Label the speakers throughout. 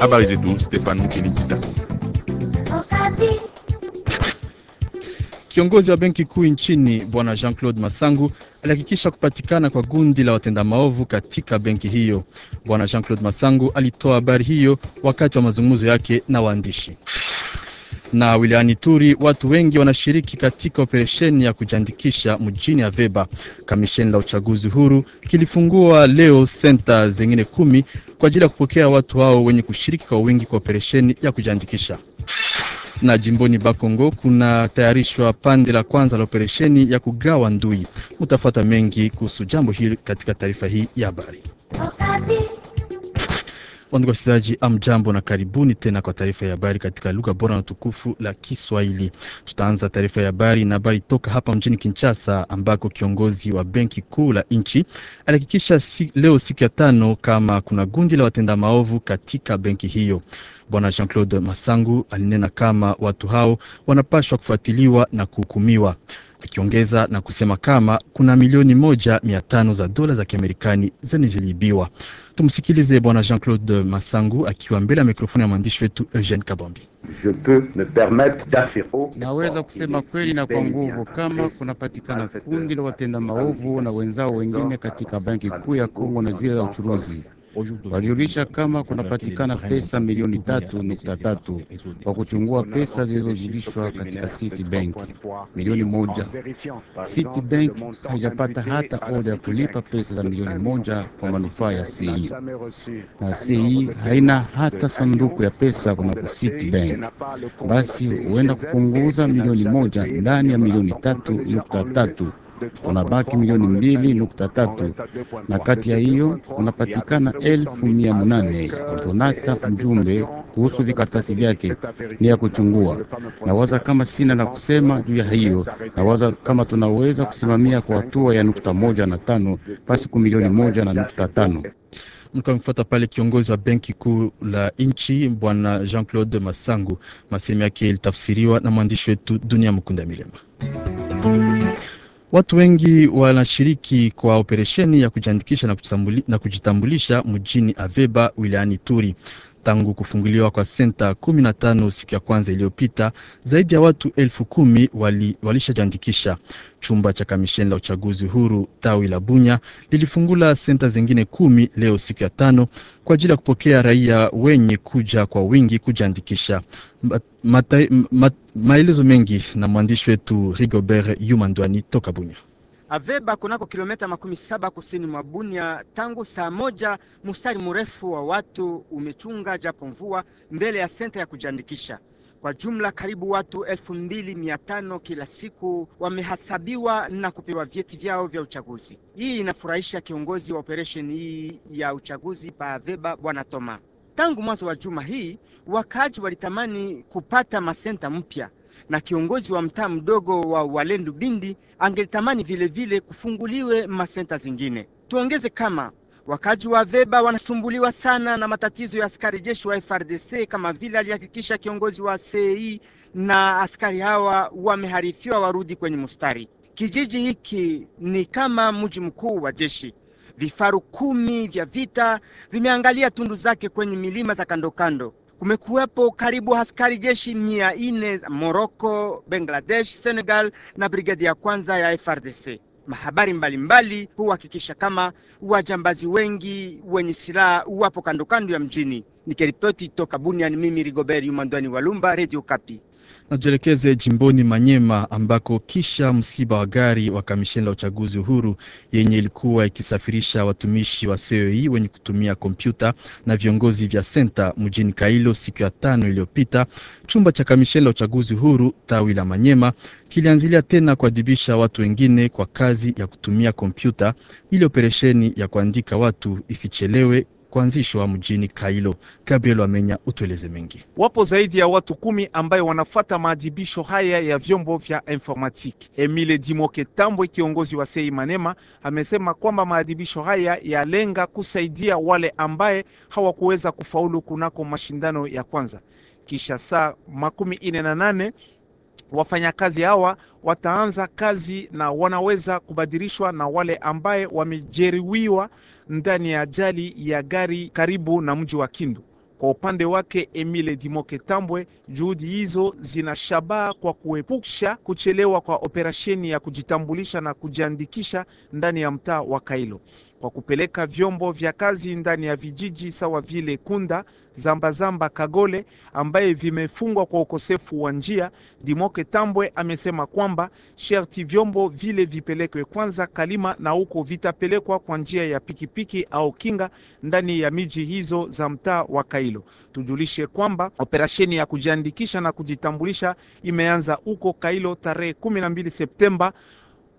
Speaker 1: Habari zetu Stefano Kinitita.
Speaker 2: Kiongozi wa benki kuu nchini Bwana Jean-Claude Masangu alihakikisha kupatikana kwa gundi la watenda maovu katika benki hiyo. Bwana Jean-Claude Masangu alitoa habari hiyo wakati wa mazungumzo yake na waandishi. Na wilayani Turi watu wengi wanashiriki katika operesheni ya kujiandikisha mjini Aveba. Kamisheni la uchaguzi huru kilifungua leo senta zingine kumi kwa ajili ya kupokea watu hao wenye kushiriki kwa wingi kwa operesheni ya kujiandikisha na jimboni Bakongo kuna tayarishwa pande la kwanza la operesheni ya kugawa ndui. Mutafata mengi kuhusu jambo hili katika taarifa hii ya habari. Wandugu wasikilizaji, amjambo na karibuni tena kwa taarifa ya habari katika lugha bora na tukufu la Kiswahili. Tutaanza taarifa ya habari na habari toka hapa mjini Kinshasa, ambako kiongozi wa benki kuu la nchi alihakikisha si, leo siku ya tano kama kuna gundi la watenda maovu katika benki hiyo. Bwana Jean-Claude Masangu alinena kama watu hao wanapashwa kufuatiliwa na kuhukumiwa, akiongeza na kusema kama kuna milioni moja mia tano za dola za Kiamerikani ziliibiwa. Tumsikilize Bwana Jean-Claude Masangu akiwa mbele ya mikrofoni ya mwandishi wetu Eugene Kabambi.
Speaker 3: Naweza kusema kweli na kwa nguvu kama kunapatikana kundi la watenda maovu na wenzao wengine katika banki kuu ya Kongo na zile za uchuruzi walijulisha kama kunapatikana pesa milioni tatu nukta tatu kwa kuchungua pesa zilizojulishwa katika bank milioni moja. bank haijapata hata oda ya kulipa pesa za milioni moja kwa manufaa ya CI na CI e e haina hata sanduku ya pesa kunako e bank Basi huenda kupunguza milioni moja ndani ya milioni tatu nukta tatu baki milioni mbili nukta tatu na kati ya hiyo kunapatikana elfu mia munane Ordonata mjumbe kuhusu vikaratasi vyake ni ya kuchungua. Nawaza kama sina la kusema juu ya hiyo. Nawaza kama tunaweza kusimamia kwa hatua ya nukta moja na tano pasi ku milioni moja na nukta tano mkamfuata pale kiongozi wa benki kuu la
Speaker 2: nchi Bwana Jean Claude Masangu. Masehemu yake ilitafsiriwa na mwandishi wetu Dunia Mkunda Milemba. Watu wengi wanashiriki kwa operesheni ya kujiandikisha na kujitambulisha mjini Aveba wilayani Turi tangu kufunguliwa kwa senta 15 siku ya kwanza iliyopita, zaidi ya watu elfu kumi wali, walishajiandikisha. Chumba cha kamisheni la uchaguzi huru tawi la Bunya lilifungula senta zingine kumi leo siku ya tano kwa ajili ya kupokea raia wenye kuja kwa wingi kujiandikisha. Maelezo mengi na mwandishi wetu Rigobert Yumandwani toka Bunya.
Speaker 4: Aveba kunako kilomita makumi saba kusini mwa Bunia tangu saa moja. Mstari mrefu wa watu umechunga japo mvua mbele ya senta ya kujiandikisha. Kwa jumla karibu watu elfu mbili mia tano kila siku wamehasabiwa na kupewa vyeti vyao vya uchaguzi. Hii inafurahisha kiongozi wa operesheni hii ya uchaguzi pa Aveba, Bwana Toma. Tangu mwanzo wa juma hii wakaaji walitamani kupata masenta mpya na kiongozi wa mtaa mdogo wa Walendu Bindi angetamani vilevile kufunguliwe masenta zingine. Tuongeze kama wakaji wa Veba wanasumbuliwa sana na matatizo ya askari jeshi wa FRDC kama vile alihakikisha kiongozi wa CEI, na askari hawa wameharifiwa warudi kwenye mustari. Kijiji hiki ni kama mji mkuu wa jeshi. Vifaru kumi vya vita vimeangalia tundu zake kwenye milima za kandokando kando. Kumekuwepo karibu askari jeshi mia nne Moroko, Bangladesh, Senegal na brigadi ya kwanza ya FRDC. Mahabari mbalimbali huhakikisha kama wajambazi wengi wenye silaha wapo kandokando ya mjini. Nikiripoti toka Buniani, mimi Rigobert Yumandwani Walumba, Radio Kapi.
Speaker 2: Najielekeze jimboni Manyema ambako kisha msiba wa gari wa kamisheni la uchaguzi huru yenye ilikuwa ikisafirisha watumishi wa coi e wenye kutumia kompyuta na viongozi vya senta mjini Kailo siku ya tano iliyopita, chumba cha kamisheni la uchaguzi huru tawi la Manyema kilianzilia tena kuadhibisha watu wengine kwa kazi ya kutumia kompyuta ili operesheni ya kuandika watu isichelewe kuanzishwa mjini Kailo. Gabriel Wamenya, utueleze mengi.
Speaker 1: Wapo zaidi ya watu kumi ambayo wanafata maadhibisho haya ya vyombo vya informatiki. Emile Dimoke Tambwe, kiongozi wa Sei Manema, amesema kwamba maadhibisho haya yalenga kusaidia wale ambaye hawakuweza kufaulu kunako mashindano ya kwanza kisha saa makumi ine na nane wafanyakazi hawa wataanza kazi na wanaweza kubadilishwa na wale ambaye wamejeruhiwa ndani ya ajali ya gari karibu na mji wa Kindu. Kwa upande wake Emile Dimoke Tambwe, juhudi hizo zina shabaha kwa kuepusha kuchelewa kwa operasheni ya kujitambulisha na kujiandikisha ndani ya mtaa wa Kailo kwa kupeleka vyombo vya kazi ndani ya vijiji sawa vile Kunda, Zambazamba Kagole ambaye vimefungwa kwa ukosefu wa njia. Dimoke Tambwe amesema kwamba sharti vyombo vile vipelekwe kwanza Kalima na huko vitapelekwa kwa njia ya pikipiki au kinga ndani ya miji hizo za mtaa wa Kailo. Tujulishe kwamba operasheni ya kujiandikisha na kujitambulisha imeanza huko Kailo tarehe 12 Septemba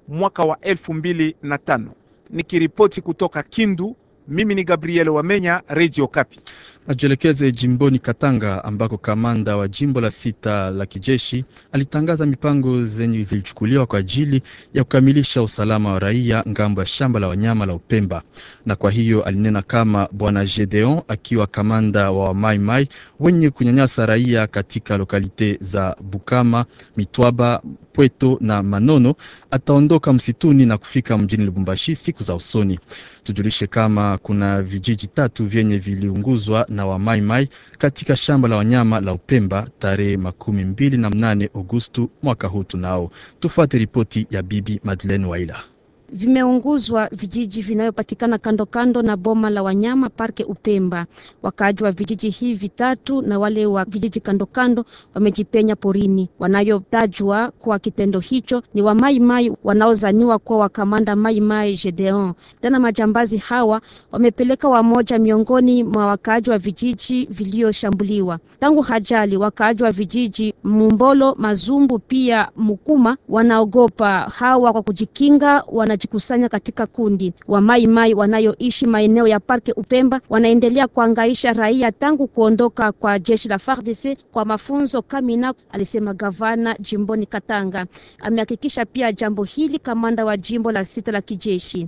Speaker 1: mwaka wa elfu mbili na tano nikiripoti kutoka Kindu mimi ni Gabriel Wamenya, Radio Kapi.
Speaker 2: Najielekeze jimboni Katanga ambako kamanda wa jimbo la sita la kijeshi alitangaza mipango zenye zilichukuliwa kwa ajili ya kukamilisha usalama wa raia ngambo ya shamba la wanyama la Upemba. Na kwa hiyo alinena kama bwana Gedeon akiwa kamanda wa Wamaimai wenye kunyanyasa raia katika lokalite za Bukama, Mitwaba, Pweto na Manono ataondoka msituni na kufika mjini Lubumbashi siku za usoni. Tujulishe kama kuna vijiji tatu vyenye viliunguzwa na wamaimai katika shamba la wanyama la Upemba tarehe makumi mbili na mnane Agustu mwaka huu. Tunao tufuate ripoti ya Bibi Madeleine Waila
Speaker 5: vimeunguzwa vijiji vinayopatikana kando kando na boma la wanyama parke Upemba. Wakaaji wa vijiji hivi vitatu na wale wa vijiji kando kando wamejipenya porini. Wanayotajwa kwa kitendo hicho ni wa Mai wanaozaniwa kuwa wakamanda Maimai Gedeon. Tena majambazi hawa wamepeleka wamoja miongoni mwa wakaaji wa vijiji vilioshambuliwa tangu hajali. Wakaaji wa vijiji Mumbolo, Mazumbu pia Mukuma wanaogopa hawa kwa kujikinga wana wanajikusanya katika kundi. wa Mai Mai wanayoishi maeneo ya Parke Upemba wanaendelea kuangaisha raia tangu kuondoka kwa jeshi la FARDC kwa mafunzo Kamina, alisema gavana jimboni Katanga. Amehakikisha pia jambo hili kamanda wa jimbo la sita la kijeshi.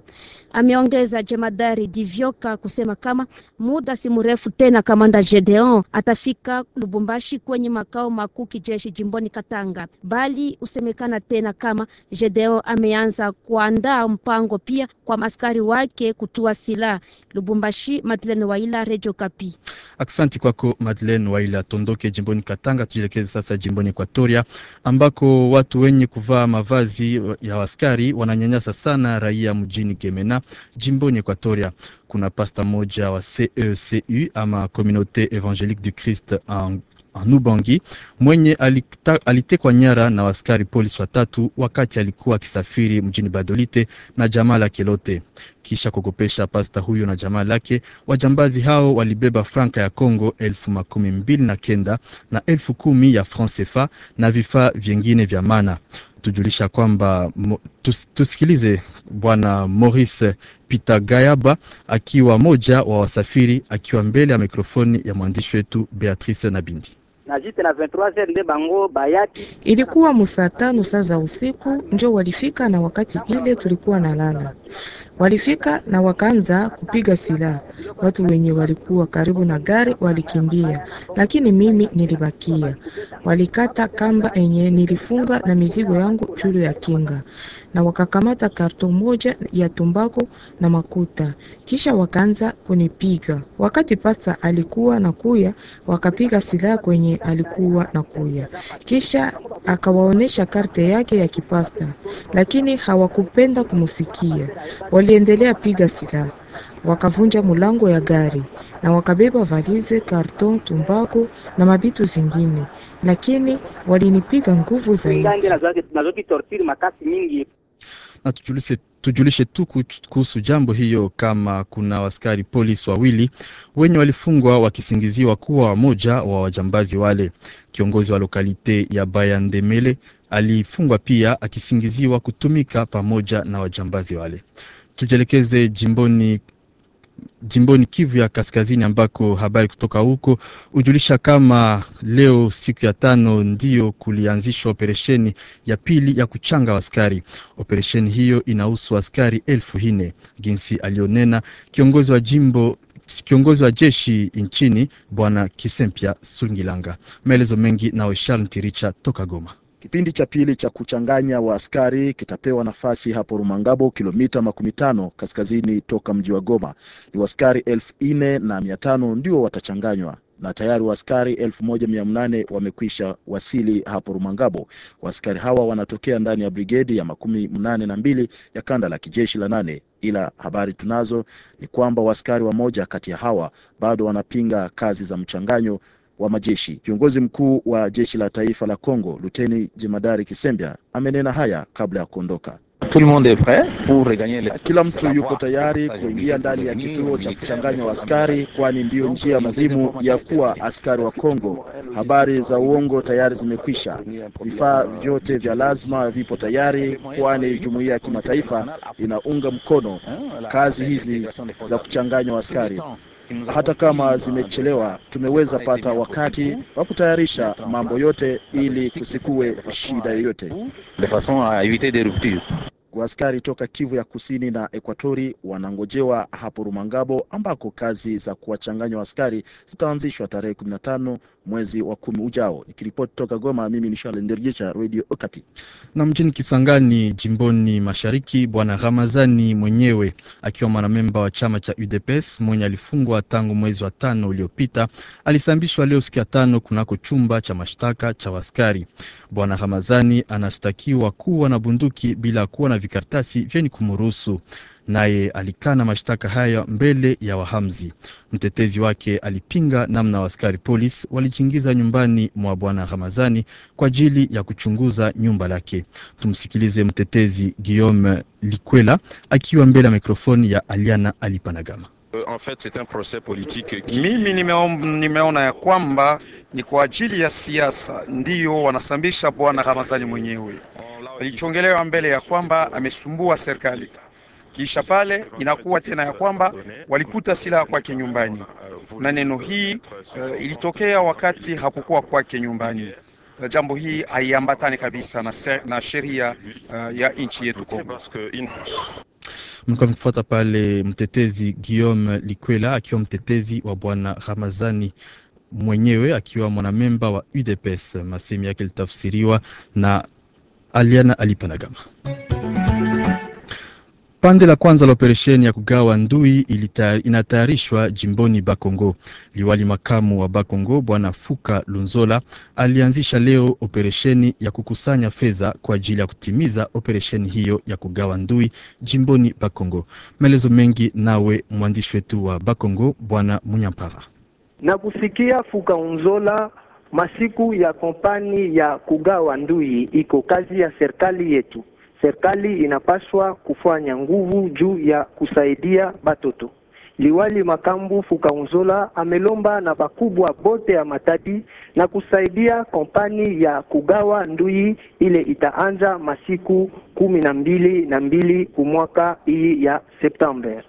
Speaker 5: Ameongeza jemadari Divyoka kusema kama muda si mrefu tena kamanda Gedeon atafika Lubumbashi kwenye makao makuu kijeshi jimboni Katanga, bali usemekana tena kama Gedeon ameanza kuandaa kukataa mpango pia kwa maskari wake kutua silaha. Lubumbashi, Madeleine Waila, Radio Kapi.
Speaker 2: Aksanti kwako Madeleine Waila. Tondoke jimboni Katanga tujielekeze sasa jimboni Ekuatoria ambako watu wenye kuvaa mavazi ya askari wananyanyasa sana raia mjini Gemena jimboni Ekuatoria. Kuna pasta moja wa CECU ama Communauté Evangélique du Christ en Nubangi mwenye alita, alitekwa nyara na askari polisi watatu wakati alikuwa akisafiri mjini Badolite na jamaa lake kisha kukopesha pasta huyo na jamaa lake. Wajambazi hao walibeba franka ya Kongo elfu makumi mbili na kenda na elfu kumi ya franc CFA na vifaa vyengine vya mana Tujulisha kwamba tus, tusikilize bwana Maurice Pitagayaba akiwa moja wa wasafiri akiwa mbele ya mikrofoni ya mwandishi wetu Beatrice Nabindi.
Speaker 4: Ilikuwa musaa tano saa za usiku njo walifika, na wakati ile tulikuwa na lala Walifika na wakaanza kupiga silaha. Watu wenye walikuwa karibu na gari walikimbia, lakini mimi nilibakia. Walikata kamba yenye nilifunga na mizigo yangu juu ya kinga, na wakakamata karto moja ya tumbako na makuta, kisha wakaanza kunipiga. Wakati pasa alikuwa na kuya, wakapiga silaha kwenye alikuwa na kuya, kisha akawaonyesha karte yake ya kipasta, lakini hawakupenda kumusikia Waliendelea piga silaha, wakavunja mulango ya gari na wakabeba valize, karton, tumbako na mabitu zingine, lakini walinipiga nguvu zaidi
Speaker 2: na tujulishe tujulishe tu kuhusu jambo hiyo, kama kuna waskari polisi wawili wenye walifungwa wakisingiziwa kuwa wamoja wa wajambazi wale. Kiongozi wa lokalite ya Bayandemele alifungwa pia akisingiziwa kutumika pamoja na wajambazi wale. Tujielekeze jimboni jimboni Kivu ya Kaskazini, ambako habari kutoka huko hujulisha kama leo siku ya tano ndio kulianzishwa operesheni ya pili ya kuchanga askari. Operesheni hiyo inahusu askari elfu nne jinsi alionena kiongozi wa jimbo kiongozi wa jeshi nchini Bwana Kisempya Sungilanga. Maelezo mengi nawe Charles toka Goma.
Speaker 6: Kipindi cha pili cha kuchanganya askari kitapewa nafasi hapo Rumangabo, kilomita makumi tano kaskazini toka mji wa Goma. Ni waskari elfu nne na mia tano ndio watachanganywa na tayari waaskari 1800 wamekwisha wasili hapo Rumangabo. waskari hawa wanatokea ndani ya brigedi ya makumi mnane na mbili ya kanda la kijeshi la nane, ila habari tunazo ni kwamba wa wamoja kati ya hawa bado wanapinga kazi za mchanganyo wa majeshi. Kiongozi mkuu wa jeshi la taifa la Kongo, Luteni Jemadari Kisembia, amenena haya kabla ya kuondoka. Kila mtu yuko tayari kuingia ndani ya kituo cha kuchanganya askari kwani ndiyo njia muhimu ya kuwa askari wa Kongo. Habari za uongo tayari zimekwisha. Vifaa vyote vya lazima vipo tayari, kwani jumuiya ya kimataifa inaunga mkono kazi hizi za kuchanganya askari hata kama zimechelewa, tumeweza pata wakati wa kutayarisha mambo yote ili kusikue shida yoyote. Askari toka Kivu ya Kusini na Ekwatori wanangojewa hapo Rumangabo ambako kazi za kuwachanganya askari zitaanzishwa tarehe 15 mwezi wa kumi ujao. Nikiripoti toka Goma, mimi ni Charles Ndergecha, Radio Okapi.
Speaker 2: Na mjini Kisangani jimboni Mashariki, bwana Ramazani mwenyewe akiwa mwanamemba wa chama cha UDPS mwenye alifungwa tangu mwezi wa tano uliopita alisambishwa leo siku ya tano kunako chumba cha mashtaka cha waskari. Bwana Ramazani anashtakiwa kuwa na bunduki bila kuwa na vikaratasi vyeni kumurusu Naye alikana mashtaka haya mbele ya wahamzi. Mtetezi wake alipinga namna askari polis walijiingiza nyumbani mwa bwana Ramazani kwa ajili ya kuchunguza nyumba lake. Tumsikilize mtetezi Guillaume Likwela akiwa mbele ya mikrofoni ya Aliana Alipanagama.
Speaker 1: En fait, c'est un procès politique. Mimi nimeona ya kwamba ni kwa ajili ya siasa ndiyo wanasambisha bwana Ramazani mwenyewe ilichongelewa mbele ya kwamba amesumbua serikali. Kisha pale inakuwa tena ya kwamba walikuta silaha kwake nyumbani, na neno hii
Speaker 4: uh,
Speaker 1: ilitokea wakati hakukuwa kwake nyumbani. Jambo hii haiambatani kabisa na, na sheria uh, ya nchi yetu Kongo.
Speaker 2: Mlikuwa mkifuata pale mtetezi Guillaume Likwela akiwa mtetezi wa bwana Ramazani mwenyewe akiwa mwanamemba wa UDPS. Masemi yake litafsiriwa na Aliana Alipanagama. Pande la kwanza la operesheni ya kugawa ndui inatayarishwa jimboni Bakongo. Liwali makamu wa Bakongo Bwana Fuka Lunzola alianzisha leo operesheni ya kukusanya fedha kwa ajili ya kutimiza operesheni hiyo ya kugawa ndui jimboni Bakongo. Maelezo mengi nawe mwandishi wetu wa Bakongo Bwana Munyampara.
Speaker 7: Na kusikia Fuka Unzola Masiku ya kompani ya kugawa ndui iko kazi ya serikali yetu. Serikali inapaswa kufanya nguvu juu ya kusaidia batoto. Liwali Makambu Fukaunzola amelomba na bakubwa bote ya Matadi na kusaidia kompani ya kugawa ndui ile itaanza masiku kumi na mbili na mbili kumwaka hii ya September.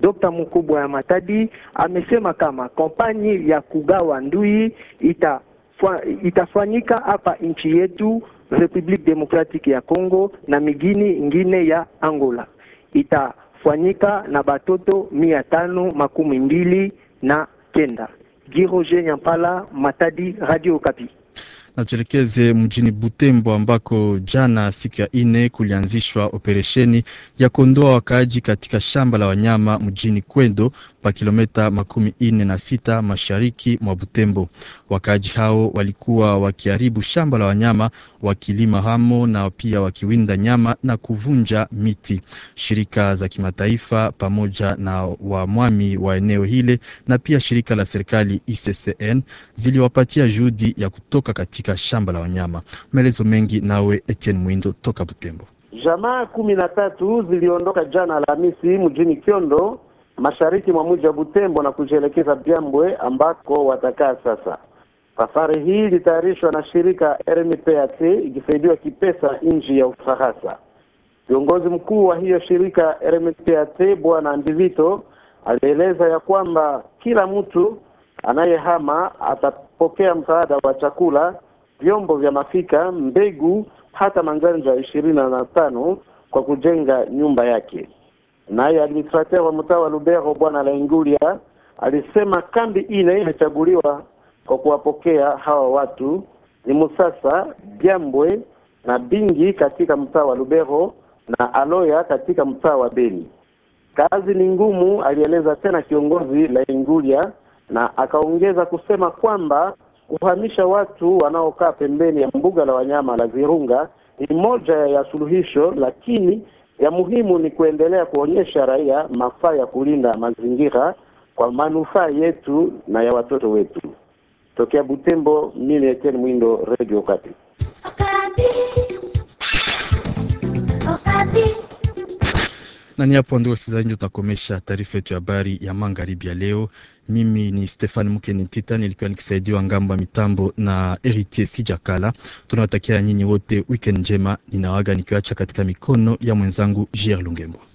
Speaker 7: Dokta Mukubwa ya Matadi amesema kama kompani ya kugawa ndui ita itafanyika hapa nchi yetu Republic Democratic ya Congo na migini ingine ya Angola. Itafanyika na batoto mia tano makumi mbili na kenda. Giroje Nyampala, Matadi, Radio Kapi.
Speaker 2: Na tuelekeze mjini Butembo ambako jana siku ya ine kulianzishwa operesheni ya kuondoa wakaaji katika shamba la wanyama mjini Kwendo pa kilomita makumi ine na sita mashariki mwa Butembo. Wakaaji hao walikuwa wakiharibu shamba la wanyama wakilima hamo na pia wakiwinda nyama na kuvunja miti. Shirika za kimataifa pamoja na wamwami wa eneo hile na pia shirika la serikali ICCN ziliwapatia juhudi ya kutoka katika shamba la wanyama. Maelezo mengi nawe Etienne Mwindo toka Butembo.
Speaker 7: Jamaa kumi na tatu ziliondoka jana Alhamisi mjini Kyondo mashariki mwa mji wa Butembo na kujielekeza Byambwe ambako watakaa sasa. Safari hii ilitayarishwa na shirika rmpat ikisaidiwa kipesa nchi ya Ufaransa. Kiongozi mkuu wa hiyo shirika rmpat Bwana Ndivito alieleza ya kwamba kila mtu anayehama atapokea msaada wa chakula, vyombo vya mafika, mbegu, hata manjanja ishirini na tano kwa kujenga nyumba yake. Naye administrateur wa mtaa wa Lubero bwana Laingulia alisema kambi ile imechaguliwa kwa kuwapokea hawa watu ni Musasa, Byambwe na Bingi katika mtaa wa Lubero na Aloya katika mtaa wa Beni. Kazi ni ngumu, alieleza tena kiongozi Laingulia, na akaongeza kusema kwamba kuhamisha watu wanaokaa pembeni ya mbuga la wanyama la Virunga ni moja ya suluhisho, lakini ya muhimu ni kuendelea kuonyesha raia mafaa ya kulinda mazingira kwa manufaa yetu na ya watoto wetu. Tokea Butembo, mimi Etienne Mwindo, Radio Kati.
Speaker 2: na ni hapo ndio wasikilizaji, tutakomesha taarifa yetu ya habari ya magharibi ya leo. Mimi ni Stefan Mukeni Tita, nilikuwa nikisaidiwa ngambo ya mitambo na heritier Sijakala. Tunawatakia nyinyi wote weekend njema, ninawaga nikiwacha katika mikono ya mwenzangu Jer Lungembo.